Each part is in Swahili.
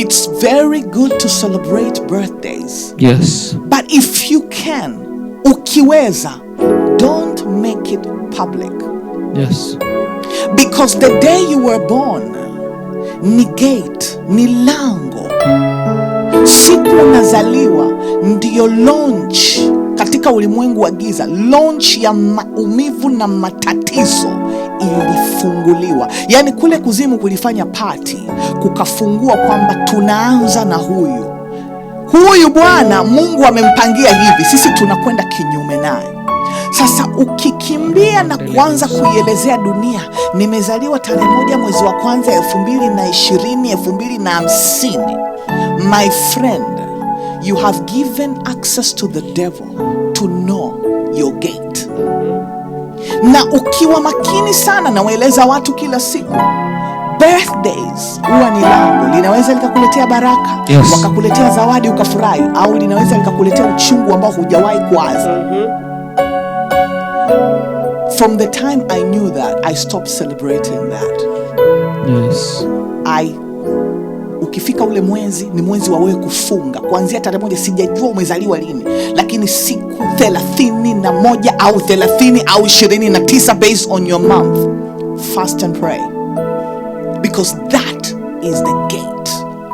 It's very good to celebrate birthdays. Yes. But if you can, ukiweza, don't make it public. Yes. Because the day you were born ni gate, ni lango. Siku unazaliwa ndiyo launch katika ulimwengu wa giza, launch ya maumivu na matatizo ilifunguliwa. Yaani kule kuzimu kulifanya pati, kukafungua kwamba tunaanza na huyu huyu bwana Mungu amempangia hivi, sisi tunakwenda kinyume naye. Sasa ukikimbia na kuanza kuielezea dunia, nimezaliwa tarehe moja mwezi wa kwanza elfu mbili na ishirini elfu mbili na hamsini my friend you have given access to the devil to know your gate na ukiwa makini sana, nawaeleza watu kila siku Birthdays huwa ni lango, linaweza likakuletea baraka yes, wakakuletea zawadi ukafurahi, au linaweza likakuletea uchungu ambao hujawahi kuwaza. mm -hmm. From the time I knew that I stopped celebrating that yes. I ukifika ule mwezi ni mwezi wa wewe kufunga kuanzia tarehe moja. Sijajua umezaliwa lini, lakini siku thelathini na moja au thelathini au ishirini na tisa based on your month. Fast and pray because that is the gate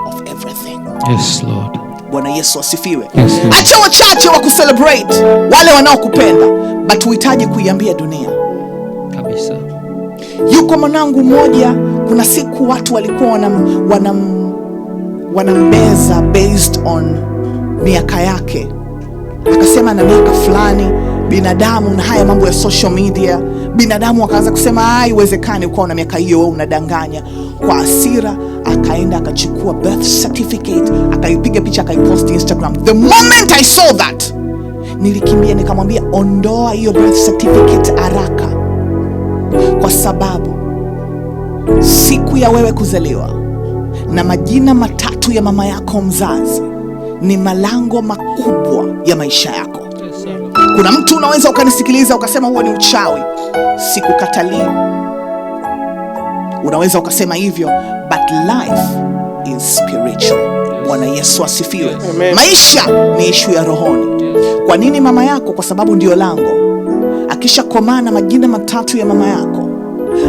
of everything. Yes Lord. Bwana Yesu asifiwe. acha wachache wa kucelebrate wale wanaokupenda, but uhitaji kuiambia dunia kabisa. Yuko mwanangu mmoja, kuna siku watu walikuwa wanam, wanam wanameza based on miaka yake. Akasema na miaka fulani binadamu na haya mambo ya social media, binadamu akaanza kusema ah, haiwezekani ukawa na miaka hiyo, wewe unadanganya. Kwa asira akaenda akachukua birth certificate akaipiga picha akaiposti Instagram. The moment I saw that nilikimbia nikamwambia, ondoa hiyo birth certificate haraka, kwa sababu siku ya wewe kuzaliwa na majina matatu ya mama yako mzazi ni malango makubwa ya maisha yako. Kuna mtu unaweza ukanisikiliza ukasema huo ni uchawi, sikukatalii. Unaweza ukasema hivyo, but life is spiritual. Bwana Yesu asifiwe. Maisha ni ishu ya rohoni. Kwa nini mama yako? Kwa sababu ndiyo lango. Akishakomaa na majina matatu ya mama yako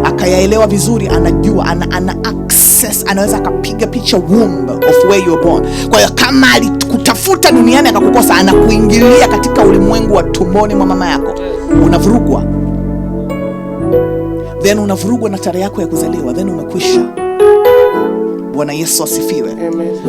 akayaelewa vizuri, anajua ana, ana access, anaweza akapiga picha womb of where you were born. Kwa hiyo kama alikutafuta duniani akakukosa, anakuingilia katika ulimwengu wa tumboni mwa mama yako, unavurugwa, then unavurugwa na tarehe yako ya kuzaliwa, then umekwisha. Bwana Yesu asifiwe. Amen.